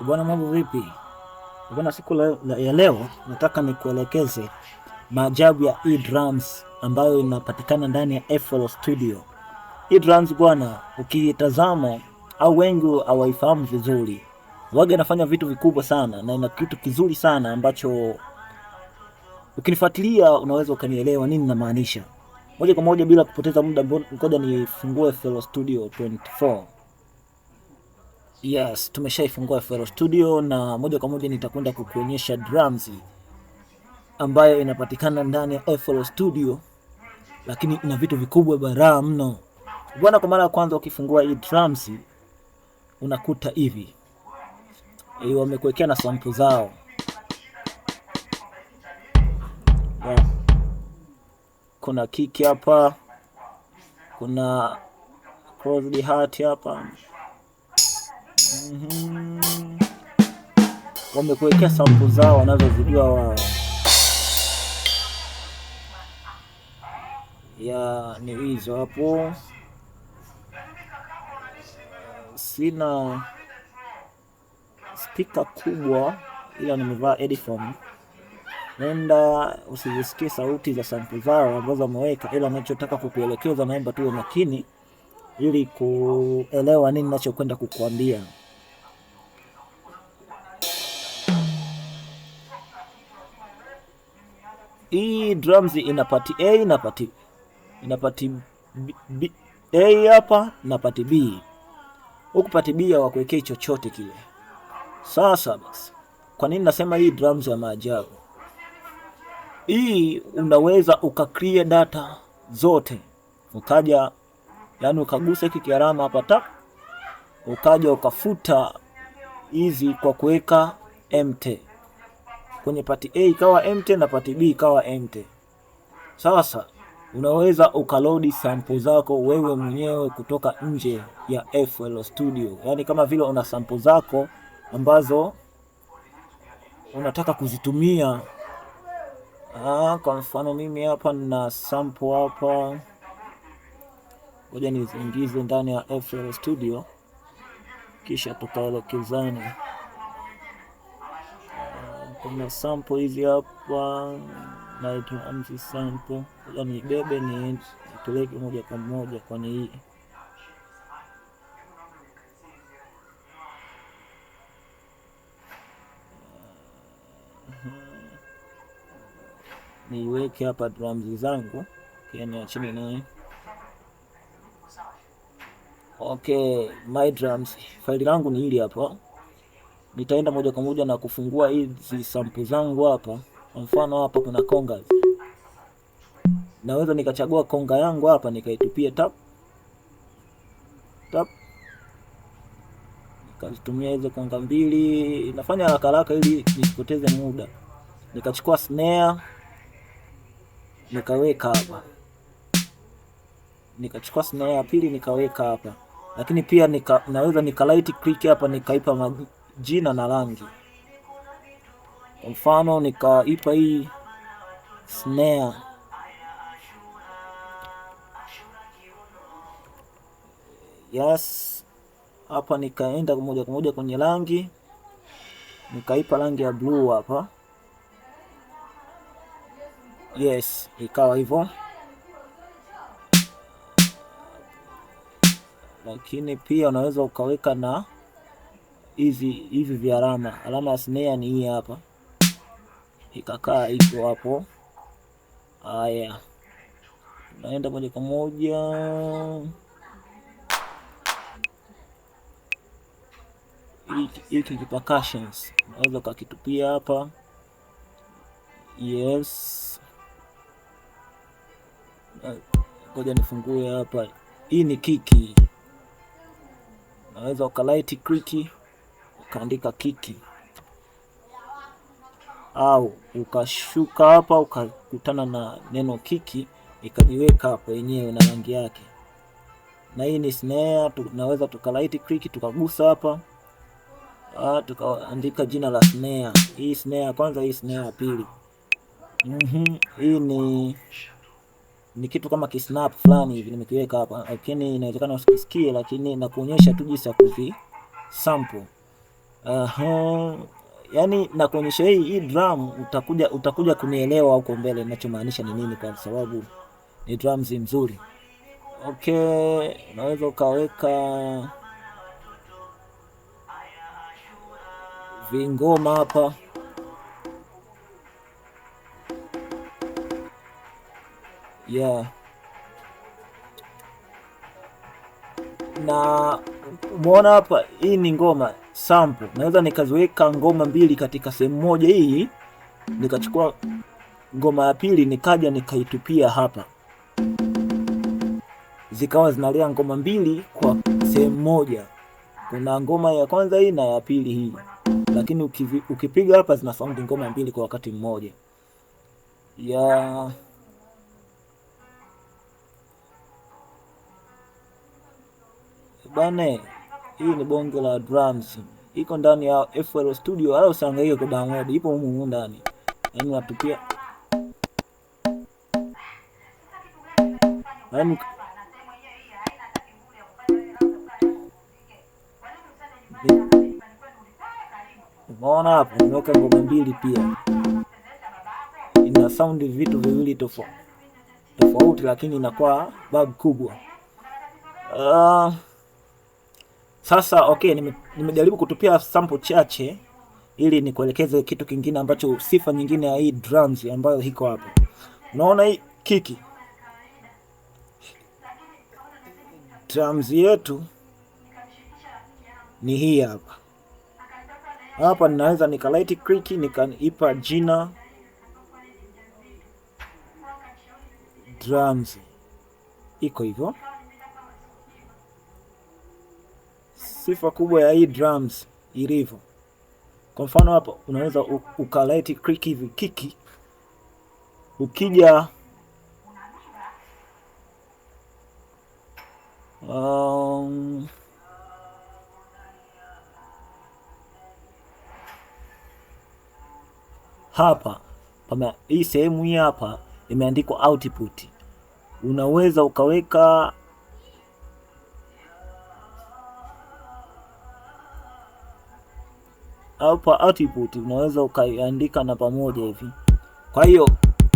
Bwana, mambo vipi? Bwana, siku la, la, ya leo nataka nikuelekeze maajabu ya e-drums ambayo inapatikana ndani ya FL Studio. E-drums bwana, ukitazama au wengi hawaifahamu vizuri, waga inafanya vitu vikubwa sana na ina kitu kizuri sana ambacho ukinifuatilia unaweza ukanielewa nini namaanisha moja kwa moja bila kupoteza muda. Ngoja nifungue FL Studio 24. Yes, tumeshaifungua FL Studio na moja kwa moja nitakwenda kukuonyesha drums ambayo inapatikana ndani ya FL Studio, lakini ina vitu vikubwa baraa mno bwana. Kwa mara ya kwanza ukifungua hii drums unakuta hivi e, wamekuwekea na sample zao yeah. Kuna kiki hapa, kuna closed hat hapa mm-hmm. Wamekuwekea sampu zao wanazozijua wao. Ya ni hizo hapo, sina spika kubwa, ila nimevaa headphone Nenda usizisikie sauti za sampu zao ambazo wameweka, ila anachotaka kukuelekeza, naomba tuwe makini ili kuelewa nini nachokwenda kukuambia. hii e, drums ina part A na part ina part B, A hapa na part B. Huku part B wakuwekea chochote kile. Sasa basi, kwa nini nasema hii drums ya maajabu? Hii unaweza ukakria data zote ukaja, yani ukagusa hiki kiarama hapa ta ukaja ukafuta hizi kwa kuweka MT kwenye pati A ikawa empty na pati B ikawa empty. Sasa unaweza ukalodi sample zako wewe mwenyewe kutoka nje ya FL Studio, yaani kama vile una sample zako ambazo unataka kuzitumia. Aa, ah, kwa mfano mimi hapa nina sample hapa, ngoja niziingize ndani ya FL Studio kisha tukaelekezana kuna sample hizi hapa na tunaanzi sample ya nibebe ni nipeleke moja kwa moja kwenye hii uh-huh. niweke hapa drums zangu niachane naye. Okay, my drums faili langu ni hili hapa nitaenda moja kwa moja na kufungua hizi sample zangu hapa. Kwa mfano hapa kuna congas, naweza nikachagua konga yangu hapa nikaitupia tap tap, nikazitumia hizo konga mbili. Nafanya haraka haraka ili nisipoteze muda, nikachukua snare nikaweka hapa, nikachukua snare ya pili nikaweka hapa, lakini pia nika, naweza nika click hapa nikaipa jina na rangi. Kwa mfano nikaipa hii snare yes. Hapa nikaenda moja kwa moja kwenye rangi, nikaipa rangi ya blue hapa yes, ikawa hivyo. Lakini pia unaweza ukaweka na hivi hivi vya alama. Alama ya snare ni hii hapa, ikakaa iko hapo. Haya, naenda moja kwa moja hiki ni percussions, naweza ukakitupia hapa. Yes, ngoja nifungue hapa. Hii ni kiki, naweza ukalaiti kiki ukaandika kiki au ukashuka hapa ukakutana na neno kiki ikajiweka hapo yenyewe na rangi yake. Na hii ni snare, tunaweza tukalaiti click tukagusa hapa ah, tukaandika jina la snare. Hii snare ya kwanza, hii snare ya pili. mm -hmm. Hii ni ni kitu kama kisnap fulani hivi nimekiweka hapa, lakini inawezekana usikisikie, lakini nakuonyesha tu jinsi ya kuvi sample. Aha. Yaani na kuonyesha hii hii drum utakuja, utakuja kunielewa huko mbele ninachomaanisha ni nini, kwa sababu ni drums nzuri. Okay, unaweza ukaweka vingoma hapa yeah. Na umeona hapa, hii ni ngoma sample. Naweza nikaziweka ngoma mbili katika sehemu moja hii, nikachukua ngoma ya pili nikaja nikaitupia hapa, zikawa zinalea ngoma mbili kwa sehemu moja. Kuna ngoma ya kwanza hii na ya pili hii, lakini ukivi, ukipiga hapa zina sound ngoma mbili kwa wakati mmoja ya bane hii ni bonge la drums, iko ndani ya FL Studio au usihangaike ku download, ipo humu humu ndani, yaani unatupia yaani Umeona hapo, nimeweka ngoma mbili pia, ina sound vitu viwili tofauti, lakini inakuwa bug kubwa uh, sasa okay, nime, nimejaribu kutupia sample chache ili nikuelekeze kitu kingine ambacho sifa nyingine ya hii drums ambayo iko hapa. Unaona hii kiki drums yetu ni hii hapa. Hapa ninaweza nikalaiti click nikaipa jina drums, iko hivyo sifa kubwa ya hii drums ilivyo. Kwa mfano hapa unaweza ukaleti click hivi kiki, ukija um, hapa hii sehemu hii hapa imeandikwa output, unaweza ukaweka hapa attribute unaweza ukaiandika na pamoja hivi. Kwa hiyo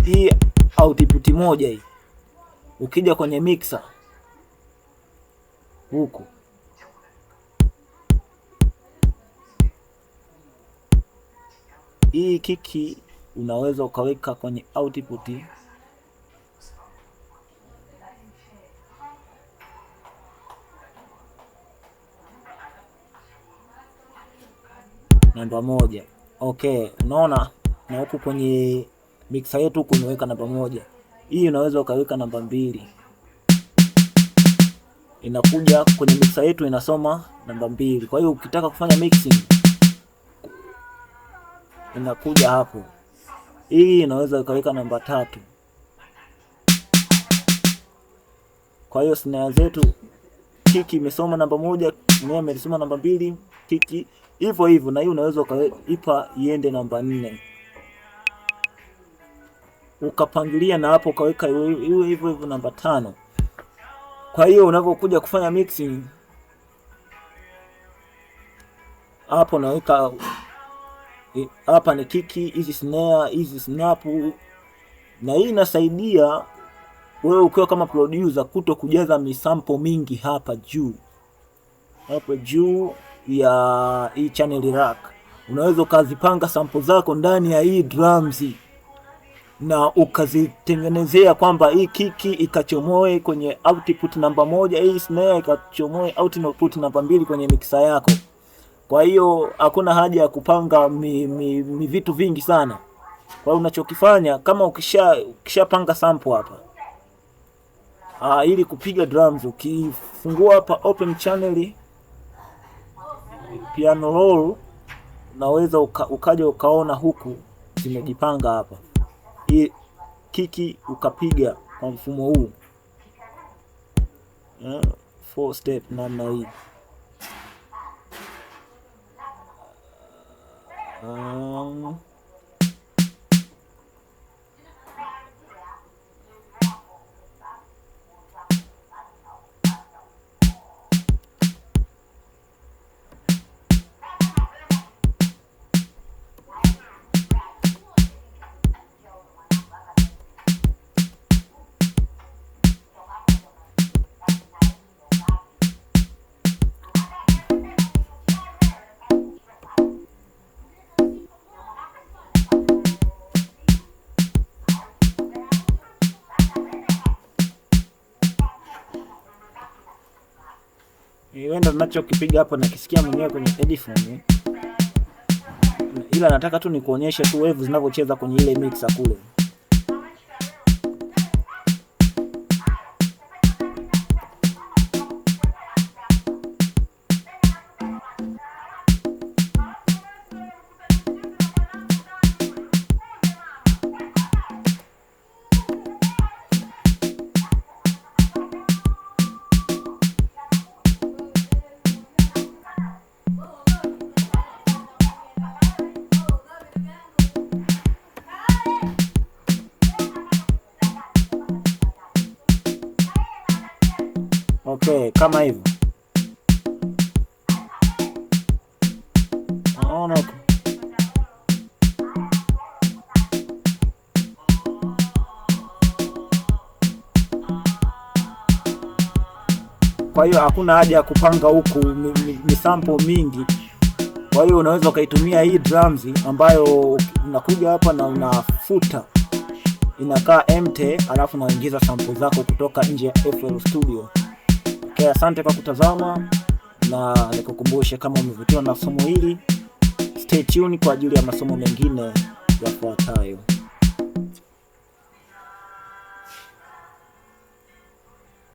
hii output moja hii, ukija kwenye mixer huku hii kiki unaweza ukaweka kwenye output namba moja. Okay, unaona na huku kwenye mixer yetu huku nimeweka namba moja. Hii unaweza ukaweka namba mbili, inakuja kwenye mixer yetu inasoma namba mbili. Kwa hiyo ukitaka kufanya mixing inakuja hapo. Hii inaweza ukaweka namba tatu. Kwa hiyo snare zetu kiki imesoma namba moja, snare imesoma namba mbili, kiki hivyo hivyo, na hii unaweza ukaipa iende namba nne ukapangilia na hapo ukaweka iwe hivyo hivyo namba tano. Kwa hiyo unapokuja kufanya mixing hapo naweka hapa ni kiki hizi, snare hizi, snap, na hii inasaidia wewe ukiwa kama producer kuto kujaza misampo mingi hapa juu hapo juu ya hii channel rack. Unaweza ukazipanga sample zako ndani ya hii drums na ukazitengenezea kwamba hii kiki ikachomoe kwenye output namba moja, hii snare ikachomoe output namba mbili kwenye mixer yako. Kwa hiyo hakuna haja ya kupanga mi, mi, mi vitu vingi sana. Kwa hiyo unachokifanya kama ukisha ukishapanga sample hapa ah, ili kupiga drums ukifungua hapa open channel piano roll unaweza uka, ukaja ukaona huku zimejipanga hapa, hii kiki ukapiga kwa mfumo huu yeah, four step namna hii um, Eh, Wenda ninachokipiga hapo nakisikia mwenyewe kwenye headphone, eh. ila nataka tu nikuonyeshe tu wave zinavyocheza kwenye ile mixer kule. Okay, kama hivyo naona kwa hiyo hakuna haja ya kupanga huku misampo mingi. Kwa hiyo unaweza ukaitumia hii drums ambayo unakuja hapa na unafuta inakaa empty, alafu unaingiza sample zako kutoka nje ya FL Studio. Okay, asante kwa kutazama na nikukumbushe, kama umevutiwa na somo hili, stay tuned kwa ajili ya masomo mengine yafuatayo.